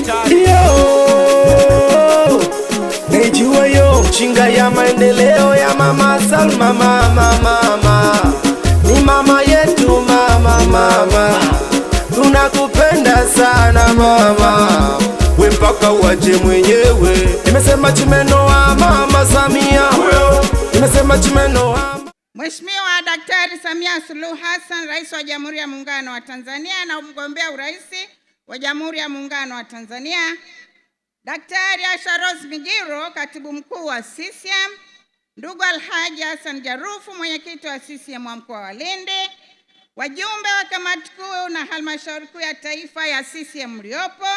hatari. Naijua yo chinga ya maendeleo ya mama Salma, mama mama ni mama yetu mama mama, tunakupenda sana mama, we mpaka uache mwenyewe. Nimesema chimenoa mama Samia, nimesema chimenoa Mheshimiwa Daktari Samia Suluhu Hassan, Rais wa Jamhuri ya Muungano wa Tanzania na mgombea urais wa Jamhuri ya Muungano wa Tanzania, Daktari Asha Rose Migiro, katibu mkuu wa CCM, ndugu Alhaji Hassan Jarufu, mwenyekiti wa CCM wa mkoa wa Lindi, wajumbe wa kamati kuu na halmashauri kuu ya taifa ya CCM mliopo,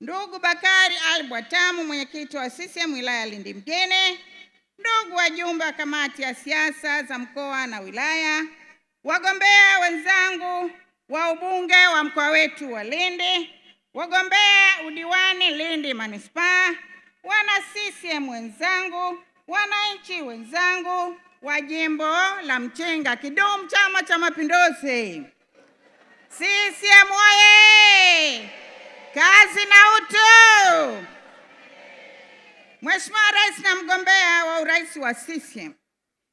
ndugu Bakari Al Bwatamu, mwenyekiti wa CCM wilaya ya Lindi Mjini, ndugu wajumbe wa kamati ya siasa za mkoa na wilaya, wagombea wenzangu wa ubunge wa mkoa wetu wa Lindi, wagombea udiwani Lindi manispaa, wana CCM wenzangu, wananchi wenzangu wa jimbo la Mchinga. Kidumu Chama cha Mapinduzi! CCM oye! Kazi na utu! Mheshimiwa Rais na mgombea wa urais wa CCM,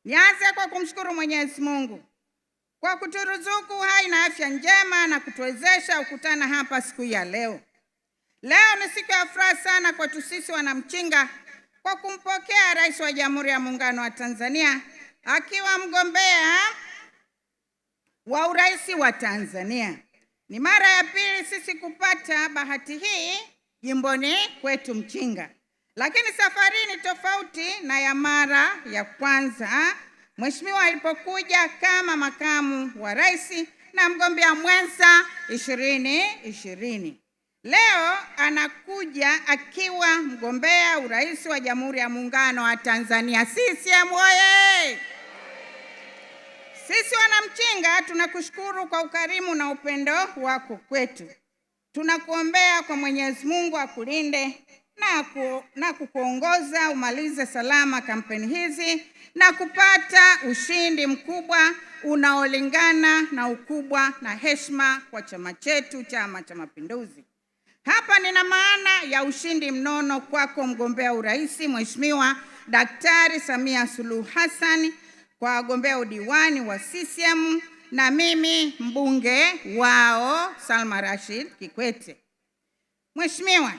nianze kwa kumshukuru Mwenyezi Mungu kwa kuturuzuku hai na afya njema na kutuwezesha kukutana hapa siku hii ya leo. Leo ni siku ya furaha sana kwetu sisi wanamchinga kwa kumpokea Rais wa Jamhuri ya Muungano wa Tanzania akiwa mgombea wa urais wa Tanzania. Ni mara ya pili sisi kupata bahati hii jimboni kwetu Mchinga, lakini safari ni tofauti na ya mara ya kwanza Mheshimiwa alipokuja kama makamu wa rais na mgombea mwenza ishirini ishirini. Leo anakuja akiwa mgombea urais wa Jamhuri ya Muungano wa Tanzania. CCM oye! Sisi Wanamchinga tunakushukuru kwa ukarimu na upendo wako kwetu. Tunakuombea kwa Mwenyezi Mungu akulinde na, ku, na kukuongoza umalize salama kampeni hizi na kupata ushindi mkubwa unaolingana na ukubwa na heshima kwa chama chetu, Chama cha Mapinduzi. Hapa nina maana ya ushindi mnono kwako mgombea urais Mheshimiwa Daktari Samia Suluhu Hassan, kwa wagombea udiwani wa CCM na mimi mbunge wao Salma Rashid Kikwete. Mheshimiwa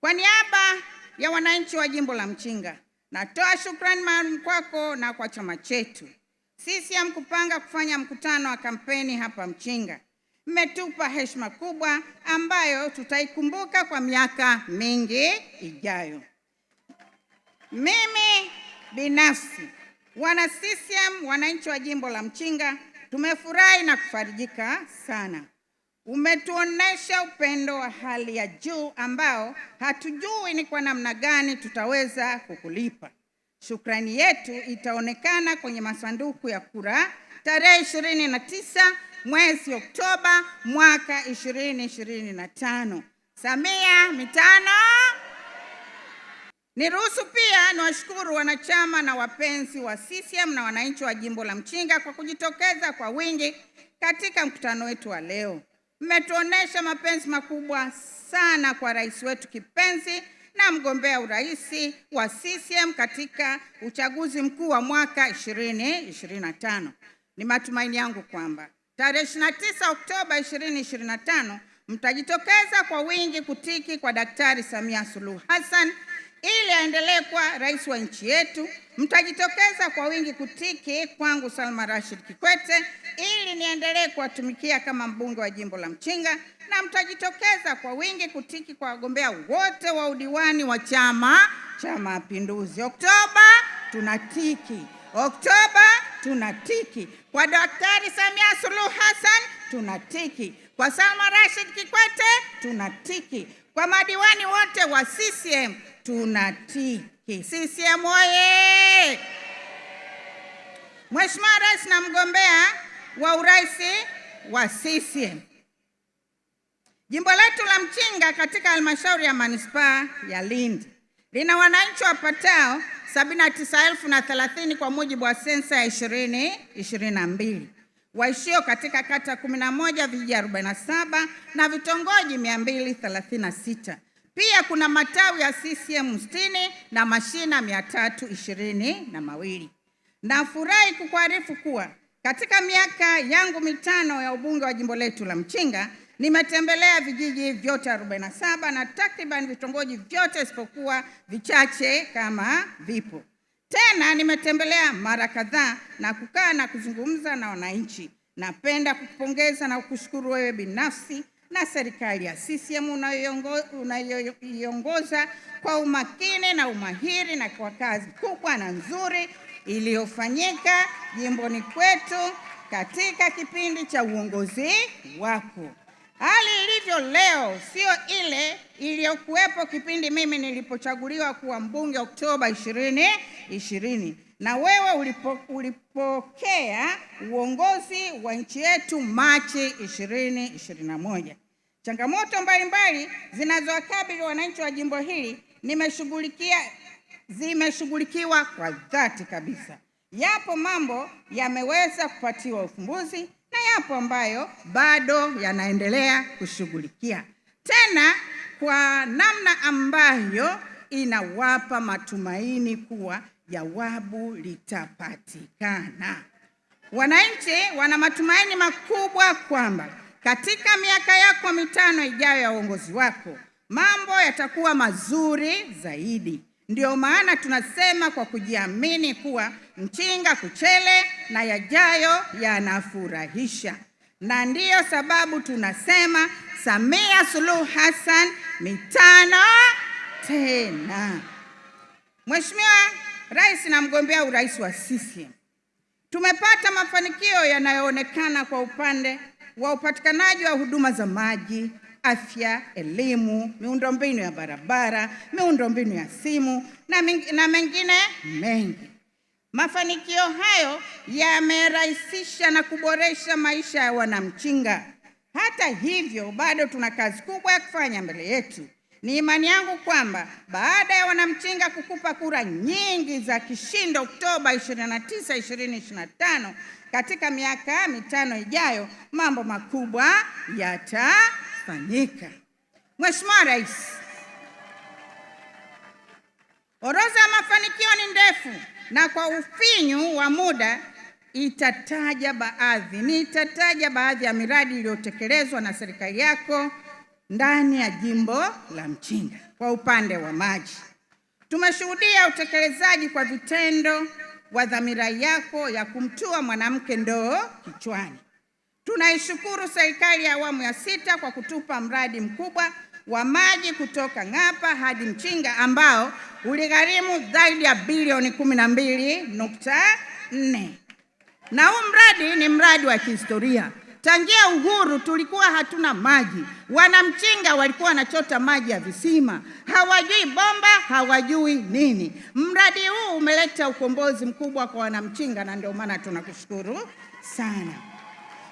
kwa niaba ya wananchi wa jimbo la Mchinga, natoa shukrani maalum kwako na kwa chama chetu. CCM kupanga kufanya mkutano wa kampeni hapa Mchinga, mmetupa heshima kubwa ambayo tutaikumbuka kwa miaka mingi ijayo. Mimi binafsi, wana CCM, wananchi wa jimbo la Mchinga tumefurahi na kufarijika sana. Umetuonesha upendo wa hali ya juu ambao hatujui ni kwa namna gani tutaweza kukulipa. Shukrani yetu itaonekana kwenye masanduku ya kura tarehe 29 mwezi Oktoba mwaka 2025. Samia mitano. Niruhusu pia niwashukuru wanachama na wapenzi wa CCM na wananchi wa jimbo la Mchinga kwa kujitokeza kwa wingi katika mkutano wetu wa leo. Mmetuonesha mapenzi makubwa sana kwa rais wetu kipenzi na mgombea urais wa CCM katika uchaguzi mkuu wa mwaka 2025. Ni matumaini yangu kwamba tarehe 29 Oktoba 2025 mtajitokeza kwa wingi kutiki kwa Daktari Samia Suluhu Hassan ili aendelee kuwa rais wa nchi yetu, mtajitokeza kwa wingi kutiki kwangu Salma Rashid Kikwete ili niendelee kuwatumikia kama mbunge wa jimbo la Mchinga, na mtajitokeza kwa wingi kutiki kwa wagombea wote wa udiwani wa Chama cha Mapinduzi. Oktoba tunatiki, Oktoba tunatiki kwa Daktari Samia Suluhu Hassan, tunatiki kwa Salma Rashid Kikwete, tunatiki kwa madiwani wote wa CCM tunatiki. CCM oye! Mheshimiwa Rais na mgombea wa urais wa CCM, jimbo letu la Mchinga katika halmashauri ya manispaa ya Lindi lina wananchi wapatao 79,030 kwa mujibu wa sensa ya 2022 waishio katika kata 11 vijiji 47 na vitongoji 236 pia kuna matawi ya CCM 60 na mashina mia tatu ishirini na mawili. Nafurahi kukuarifu kuwa katika miaka yangu mitano ya ubunge wa jimbo letu la Mchinga nimetembelea vijiji vyote 47 na takriban vitongoji vyote isipokuwa vichache kama vipo. Tena nimetembelea mara kadhaa na kukaa na kuzungumza na wananchi. Napenda kukupongeza na kukushukuru wewe binafsi na serikali ya CCM unayoiongoza kwa umakini na umahiri na kwa kazi kubwa na nzuri iliyofanyika jimboni kwetu katika kipindi cha uongozi wako. Hali ilivyo leo siyo ile iliyokuwepo kipindi mimi nilipochaguliwa kuwa mbunge Oktoba 2020 na wewe ulipo, ulipokea uongozi wa nchi yetu Machi 2021. Changamoto mbalimbali zinazowakabili wananchi wa jimbo hili nimeshughulikia zimeshughulikiwa kwa dhati kabisa. Yapo mambo yameweza kupatiwa ufumbuzi na yapo ambayo bado yanaendelea kushughulikia tena kwa namna ambayo inawapa matumaini kuwa jawabu litapatikana. Wananchi wana matumaini makubwa kwamba katika miaka yako mitano ijayo ya uongozi wako mambo yatakuwa mazuri zaidi. Ndiyo maana tunasema kwa kujiamini kuwa mchinga kuchele na yajayo yanafurahisha, na ndiyo sababu tunasema Samia Suluhu Hassan mitano tena. Mheshimiwa Rais na mgombea urais wa CCM, tumepata mafanikio yanayoonekana kwa upande wa upatikanaji wa huduma za maji, afya, elimu, miundombinu ya barabara, miundombinu ya simu na mengine mengi. Mafanikio hayo yamerahisisha na kuboresha maisha ya Wanamchinga. Hata hivyo, bado tuna kazi kubwa ya kufanya mbele yetu. Ni imani yangu kwamba baada ya Wanamchinga kukupa kura nyingi za kishindo Oktoba 29, 2025, katika miaka mitano ijayo, mambo makubwa yatafanyika. Mheshimiwa Rais, orodha ya mafanikio ni ndefu na kwa ufinyu wa muda itataja baadhi, nitataja baadhi ya miradi iliyotekelezwa na serikali yako ndani ya jimbo la Mchinga. Kwa upande wa maji, tumeshuhudia utekelezaji kwa vitendo wa dhamira yako ya kumtua mwanamke ndoo kichwani. Tunaishukuru serikali ya awamu ya sita kwa kutupa mradi mkubwa wa maji kutoka Ng'apa hadi Mchinga ambao uligharimu zaidi ya bilioni 12.4 na huu mradi ni mradi wa kihistoria. Tangia uhuru tulikuwa hatuna maji. Wanamchinga walikuwa wanachota maji ya visima, hawajui bomba, hawajui nini. Mradi huu umeleta ukombozi mkubwa kwa wanamchinga, na ndio maana tunakushukuru sana.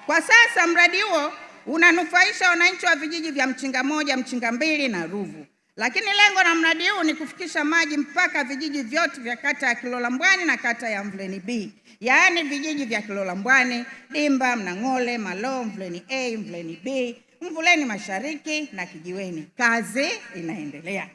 Kwa sasa mradi huo unanufaisha wananchi wa vijiji vya Mchinga moja, Mchinga mbili na Ruvu, lakini lengo la mradi huu ni kufikisha maji mpaka vijiji vyote vya kata ya Kilolambwani na kata ya Mvuleni B, yaani vijiji vya Kilolambwani, Dimba, Mnang'ole, Maloo, Mvuleni A, Mvuleni B, Mvuleni Mashariki na Kijiweni. Kazi inaendelea.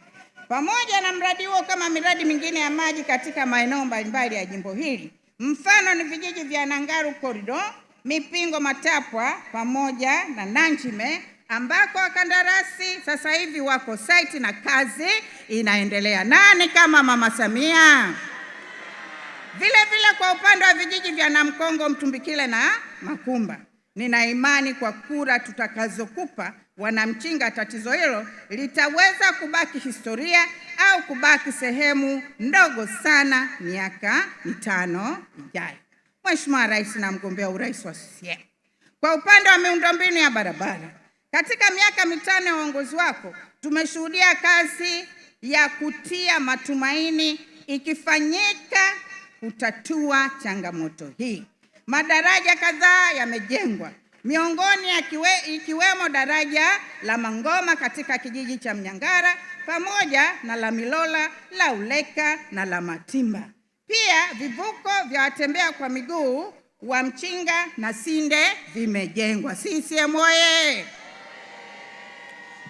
Pamoja na mradi huo, kama miradi mingine ya maji katika maeneo mbalimbali ya jimbo hili, mfano ni vijiji vya Nangaru Corridor Mipingo Matapwa pamoja na Nanjime ambako wakandarasi sasa hivi wako site na kazi inaendelea. Nani kama Mama Samia? Vile vile kwa upande wa vijiji vya Namkongo, Mtumbikile na Makumba, nina imani kwa kura tutakazokupa Wanamchinga, tatizo hilo litaweza kubaki historia au kubaki sehemu ndogo sana miaka mitano ijayo. Mheshimiwa Rais na mgombea urais wa CCM. Kwa upande wa miundombinu ya barabara, katika miaka mitano ya uongozi wako tumeshuhudia kazi ya kutia matumaini ikifanyika kutatua changamoto hii. Madaraja kadhaa yamejengwa miongoni ya kiwe, ikiwemo daraja la Mangoma katika kijiji cha Mnyangara pamoja na la Milola la Uleka na la Matimba. Pia vivuko vya watembea kwa miguu wa Mchinga na Sinde vimejengwa. CCM oye!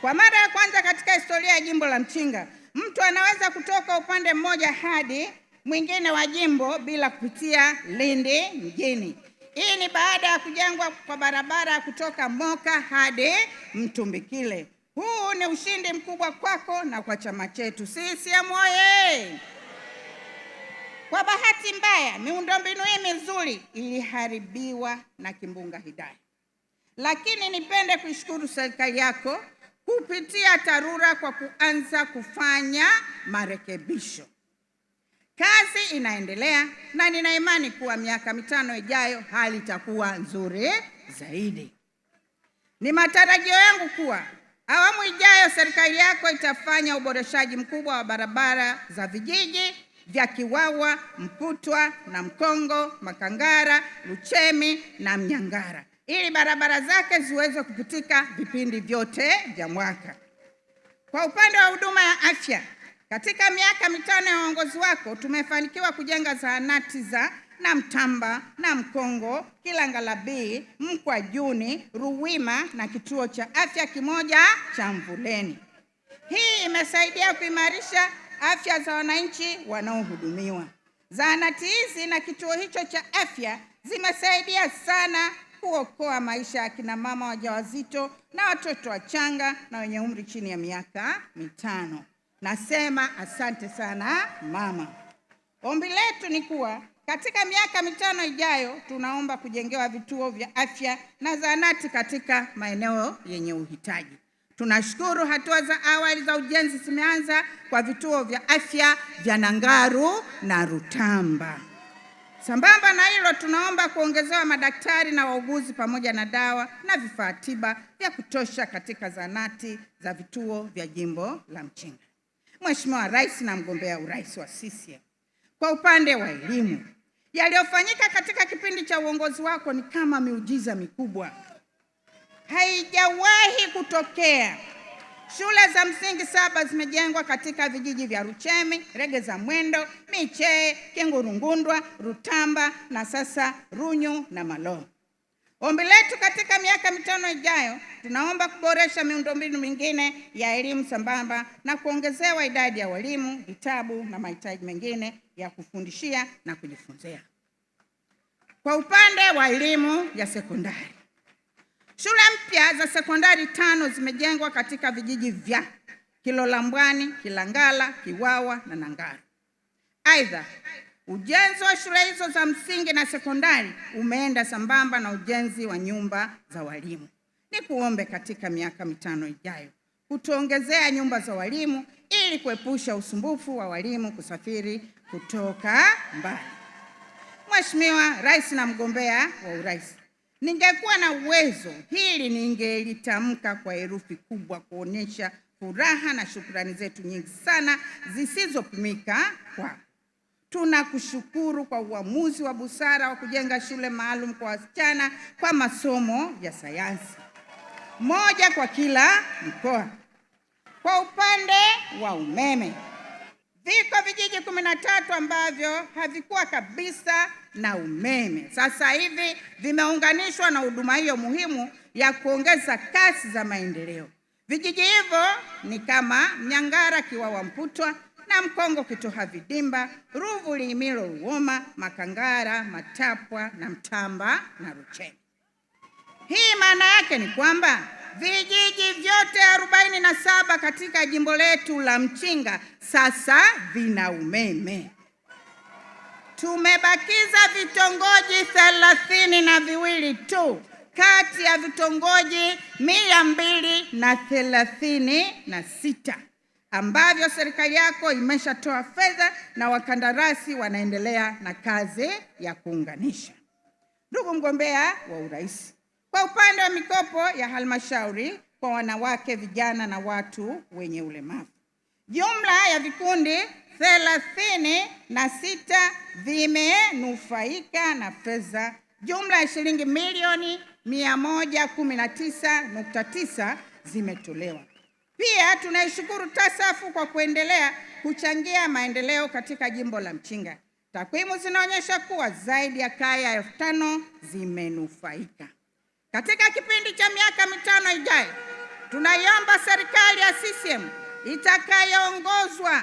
Kwa mara ya kwanza katika historia ya jimbo la Mchinga, mtu anaweza kutoka upande mmoja hadi mwingine wa jimbo bila kupitia Lindi mjini. Hii ni baada ya kujengwa kwa barabara ya kutoka Moka hadi Mtumbikile. Huu ni ushindi mkubwa kwako na kwa chama chetu. CCM oye! Kwa bahati mbaya, miundombinu hii mizuri iliharibiwa na kimbunga Hidaya, lakini nipende kuishukuru serikali yako kupitia TARURA kwa kuanza kufanya marekebisho. Kazi inaendelea na nina imani kuwa miaka mitano ijayo hali itakuwa nzuri zaidi. Ni matarajio yangu kuwa awamu ijayo serikali yako itafanya uboreshaji mkubwa wa barabara za vijiji vya Kiwawa, Mputwa na Mkongo, Makangara, Luchemi na Mnyangara ili barabara zake ziweze kupitika vipindi vyote vya mwaka. Kwa upande wa huduma ya afya, katika miaka mitano ya uongozi wako tumefanikiwa kujenga zahanati za Namtamba na Mkongo, Kilangalabii, juni Ruwima na kituo cha afya kimoja cha Mvuleni. Hii imesaidia kuimarisha afya za wananchi wanaohudumiwa. Zahanati hizi na kituo hicho cha afya zimesaidia sana kuokoa maisha ya kina mama wajawazito na watoto wachanga na wenye umri chini ya miaka mitano. Nasema asante sana mama. Ombi letu ni kuwa katika miaka mitano ijayo, tunaomba kujengewa vituo vya afya na zahanati katika maeneo yenye uhitaji. Tunashukuru hatua za awali za ujenzi zimeanza kwa vituo vya afya vya Nangaru na Rutamba. Sambamba na hilo, tunaomba kuongezewa madaktari na wauguzi pamoja na dawa na vifaa tiba vya kutosha katika zanati za vituo vya jimbo la Mchinga. Mheshimiwa Rais na mgombea urais wa CCM, kwa upande wa elimu, yaliyofanyika katika kipindi cha uongozi wako ni kama miujiza mikubwa haijawahi kutokea. Shule za msingi saba zimejengwa katika vijiji vya Ruchemi, rege za Mwendo, Michee, Kingurungundwa, Rutamba na sasa Runyu na Maloo. Ombi letu katika miaka mitano ijayo, tunaomba kuboresha miundombinu mingine ya elimu sambamba na kuongezewa idadi ya walimu, vitabu na mahitaji mengine ya kufundishia na kujifunzia. Kwa upande wa elimu ya sekondari Shule mpya za sekondari tano zimejengwa katika vijiji vya Kilolambwani, Kilangala, Kiwawa na Nangara. Aidha, ujenzi wa shule hizo za msingi na sekondari umeenda sambamba na ujenzi wa nyumba za walimu. Ni kuombe katika miaka mitano ijayo kutuongezea nyumba za walimu ili kuepusha usumbufu wa walimu kusafiri kutoka mbali. Mheshimiwa Rais na mgombea wa urais Ningekuwa na uwezo, hili ningelitamka kwa herufi kubwa kuonyesha furaha na shukrani zetu nyingi sana zisizopimika kwako. Tunakushukuru kwa uamuzi wa busara wa kujenga shule maalum kwa wasichana kwa masomo ya sayansi, moja kwa kila mkoa. Kwa upande wa umeme, viko vijiji kumi na tatu ambavyo havikuwa kabisa na umeme sasa hivi vimeunganishwa na huduma hiyo muhimu ya kuongeza kasi za maendeleo. Vijiji hivyo ni kama Mnyangara, Kiwawa, Mputwa na Mkongo, Kitoha, Vidimba, Ruvu, Lihimilo, Ruoma, Makangara, Matapwa na Mtamba na Rucheni. Hii maana yake ni kwamba vijiji vyote arobaini na saba katika jimbo letu la Mchinga sasa vina umeme tumebakiza vitongoji thelathini na viwili tu kati ya vitongoji mia mbili na thelathini na sita ambavyo serikali yako imeshatoa fedha na wakandarasi wanaendelea na kazi ya kuunganisha. Ndugu mgombea wa urais, kwa upande wa mikopo ya halmashauri kwa wanawake, vijana na watu wenye ulemavu, jumla ya vikundi thelathini na sita vimenufaika na fedha jumla ya shilingi milioni 119.9 zimetolewa. Pia tunaishukuru TASAFU kwa kuendelea kuchangia maendeleo katika jimbo la Mchinga. Takwimu zinaonyesha kuwa zaidi ya kaya elfu tano zimenufaika. Katika kipindi cha miaka mitano ijayo, tunaiomba serikali ya CCM itakayoongozwa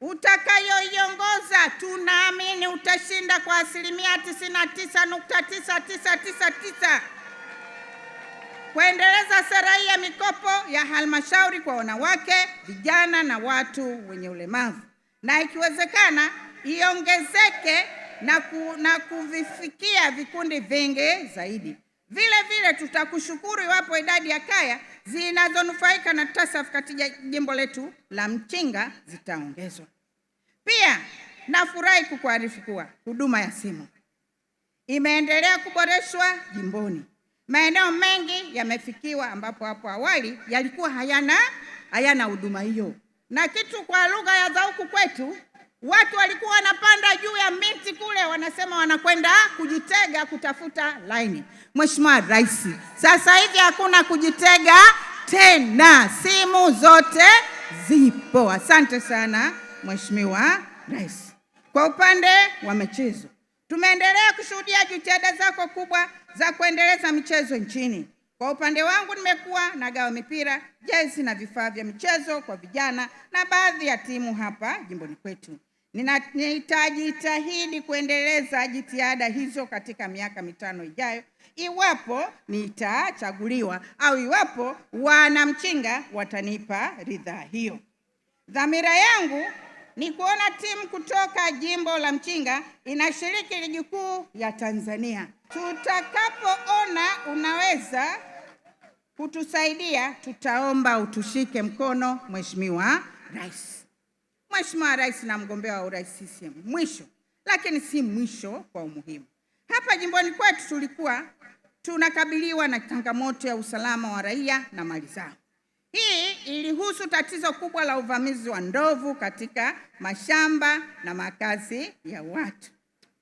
utakayoiongoza tunaamini utashinda kwa asilimia 99.9999 kuendeleza sera hii ya mikopo ya halmashauri kwa wanawake, vijana na watu wenye ulemavu, na ikiwezekana iongezeke na, ku, na kuvifikia vikundi vingi zaidi. Vile vile tutakushukuru iwapo idadi ya kaya zinazonufaika na TASAF katika jimbo letu la Mchinga zitaongezwa. Pia nafurahi kukuarifu kuwa huduma ya simu imeendelea kuboreshwa jimboni. Maeneo mengi yamefikiwa ambapo hapo awali yalikuwa hayana hayana huduma hiyo, na kitu kwa lugha ya za huku kwetu watu walikuwa wanapanda juu ya wanasema wanakwenda kujitega kutafuta laini. Mheshimiwa Rais, sasa hivi hakuna kujitega tena, simu zote zipo. Asante sana Mheshimiwa Rais. Kwa upande wa michezo, tumeendelea kushuhudia jitihada zako kubwa za kuendeleza michezo nchini. Kwa upande wangu nimekuwa nagawa mipira, jezi na vifaa vya michezo kwa vijana na baadhi ya timu hapa jimboni kwetu. Nitajitahidi kuendeleza jitihada hizo katika miaka mitano ijayo, iwapo nitachaguliwa au iwapo wanamchinga watanipa ridhaa hiyo. Dhamira yangu ni kuona timu kutoka jimbo la Mchinga inashiriki ligi kuu ya Tanzania. Tutakapoona unaweza kutusaidia, tutaomba utushike mkono, Mheshimiwa Rais. Mheshimiwa Rais na mgombea wa urais CCM. Mwisho lakini si mwisho kwa umuhimu, hapa jimboni kwetu tulikuwa tunakabiliwa na changamoto ya usalama wa raia na mali zao. Hii ilihusu tatizo kubwa la uvamizi wa ndovu katika mashamba na makazi ya watu.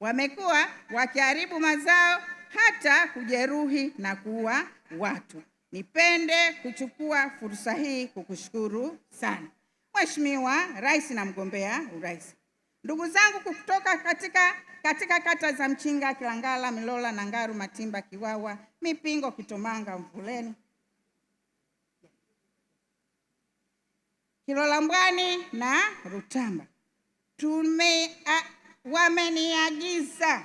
Wamekuwa wakiharibu mazao hata kujeruhi na kuua watu. Nipende kuchukua fursa hii kukushukuru sana Mheshimiwa Rais na mgombea urais. Ndugu zangu kutoka katika, katika kata za Mchinga, Kilangala, Milola, Nangaru, Matimba, Kiwawa, Mipingo, Kitomanga, Mvuleni, Kilola na Rutamba tume wameniagiza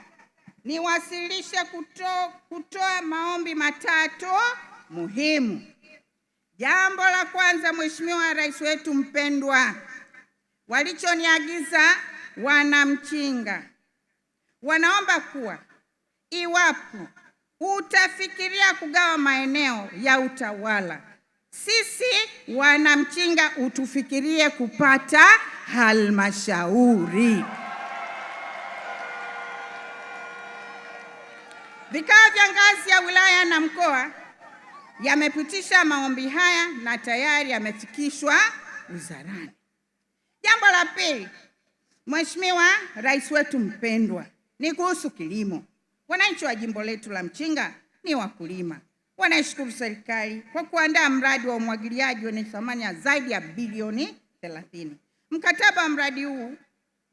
niwasilishe kuto, kutoa maombi matatu muhimu. Jambo la kwanza, Mheshimiwa Rais wetu mpendwa, walichoniagiza wanamchinga, wanaomba kuwa iwapo utafikiria kugawa maeneo ya utawala, sisi wanamchinga utufikirie kupata halmashauri. Vikao vya ngazi ya wilaya na mkoa yamepitisha maombi haya na tayari yamefikishwa wizarani. Jambo la pili, Mheshimiwa Rais wetu mpendwa, ni kuhusu kilimo. Wananchi wa jimbo letu la Mchinga ni wakulima, wanaishukuru serikali kwa kuandaa mradi wa umwagiliaji wenye thamani ya zaidi ya bilioni 30. Mkataba wa mradi huu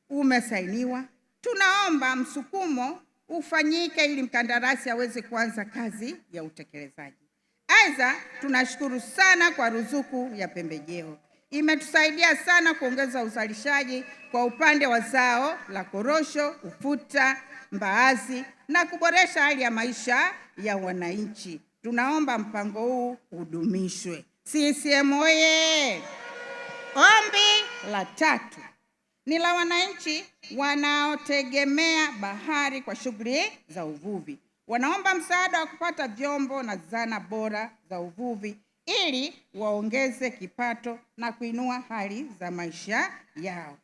umesainiwa, tunaomba msukumo ufanyike ili mkandarasi aweze kuanza kazi ya utekelezaji. Aidha, tunashukuru sana kwa ruzuku ya pembejeo, imetusaidia sana kuongeza uzalishaji kwa upande wa zao la korosho, ufuta, mbaazi na kuboresha hali ya maisha ya wananchi. Tunaomba mpango huu udumishwe. CCM oye! Ombi la tatu ni la wananchi wanaotegemea bahari kwa shughuli za uvuvi. Wanaomba msaada wa kupata vyombo na zana bora za uvuvi ili waongeze kipato na kuinua hali za maisha yao.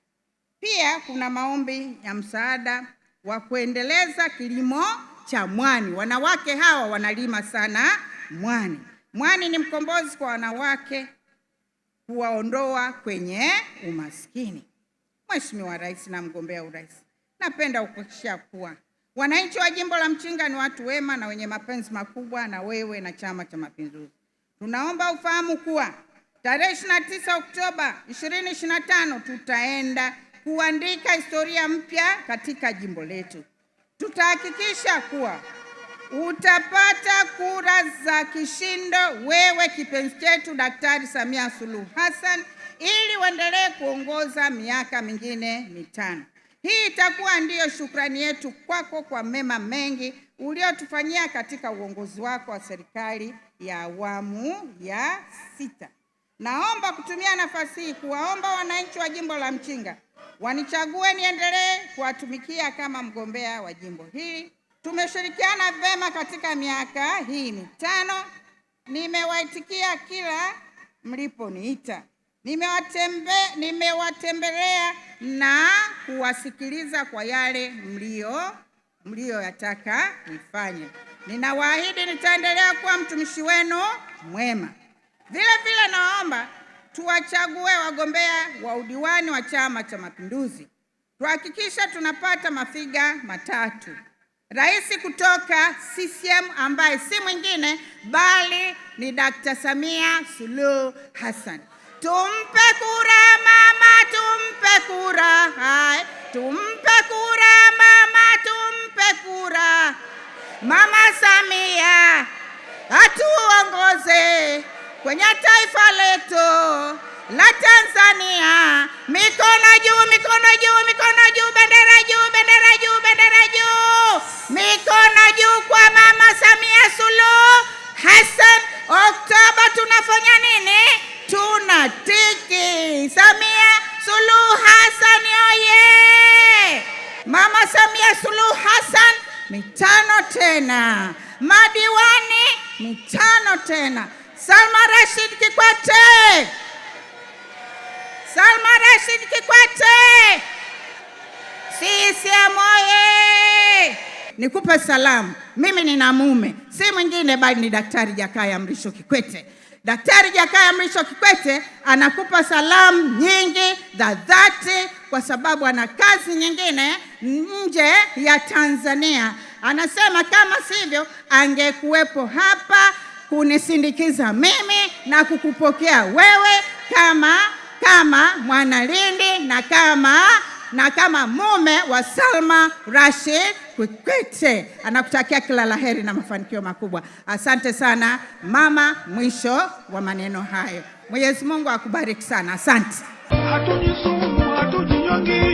Pia kuna maombi ya msaada wa kuendeleza kilimo cha mwani. Wanawake hawa wanalima sana mwani. Mwani ni mkombozi kwa wanawake, kuwaondoa kwenye umaskini. Mheshimiwa Rais na mgombea urais, napenda kuhakikishia kuwa Wananchi wa jimbo la Mchinga ni watu wema na wenye mapenzi makubwa na wewe na Chama cha Mapinduzi. Tunaomba ufahamu kuwa tarehe 29 Oktoba 2025 tutaenda kuandika historia mpya katika jimbo letu. Tutahakikisha kuwa utapata kura za kishindo wewe, kipenzi chetu Daktari Samia Suluhu Hassan, ili uendelee kuongoza miaka mingine mitano. Hii itakuwa ndiyo shukrani yetu kwako kwa mema mengi uliotufanyia katika uongozi wako wa serikali ya awamu ya sita. Naomba kutumia nafasi hii kuwaomba wananchi wa jimbo la Mchinga wanichague niendelee kuwatumikia kama mgombea wa jimbo hili. Tumeshirikiana vema katika miaka hii mitano, nimewaitikia kila mliponiita nimewatembelea nimewatembe, na kuwasikiliza kwa yale mlio mliyoyataka nifanye. Ninawaahidi nitaendelea kuwa mtumishi wenu mwema. Vile vile naomba tuwachague wagombea wa udiwani wa Chama cha Mapinduzi, tuhakikisha tunapata mafiga matatu, rais kutoka CCM ambaye si mwingine bali ni Dkt. Samia Suluhu Hassan tumpe kura mama, tumpe kura hai, tumpe kura mama, tumpe kura Mama Samia atuongoze kwenye taifa letu la Tanzania. Mikono juu, mikono juu, mikono juu, bendera juu, bendera juu, bendera juu, mikono juu kwa Mama Samia Suluhu Hassan. Oktoba tunafanya nini? tiki. Samia Suluhu Hassan oye! Mama Samia Suluhu Hassan mitano tena, madiwani mitano tena. Salma Rashid Kikwete, Salma Rashid Kikwete, CCM oye! Nikupe salamu, mimi nina mume, si mwingine bali ni Daktari Jakaya Mrisho Kikwete. Daktari Jakaya Mrisho Kikwete anakupa salamu nyingi za dhati, kwa sababu ana kazi nyingine nje ya Tanzania. Anasema kama sivyo angekuwepo hapa kunisindikiza mimi na kukupokea wewe kama kama Mwanalindi na kama na kama mume wa Salma Rashid Kikwete anakutakia kila laheri na mafanikio makubwa. Asante sana mama, mwisho wa maneno hayo. Mwenyezi Mungu akubariki sana, asante. Hatujizumu, hatujinyongi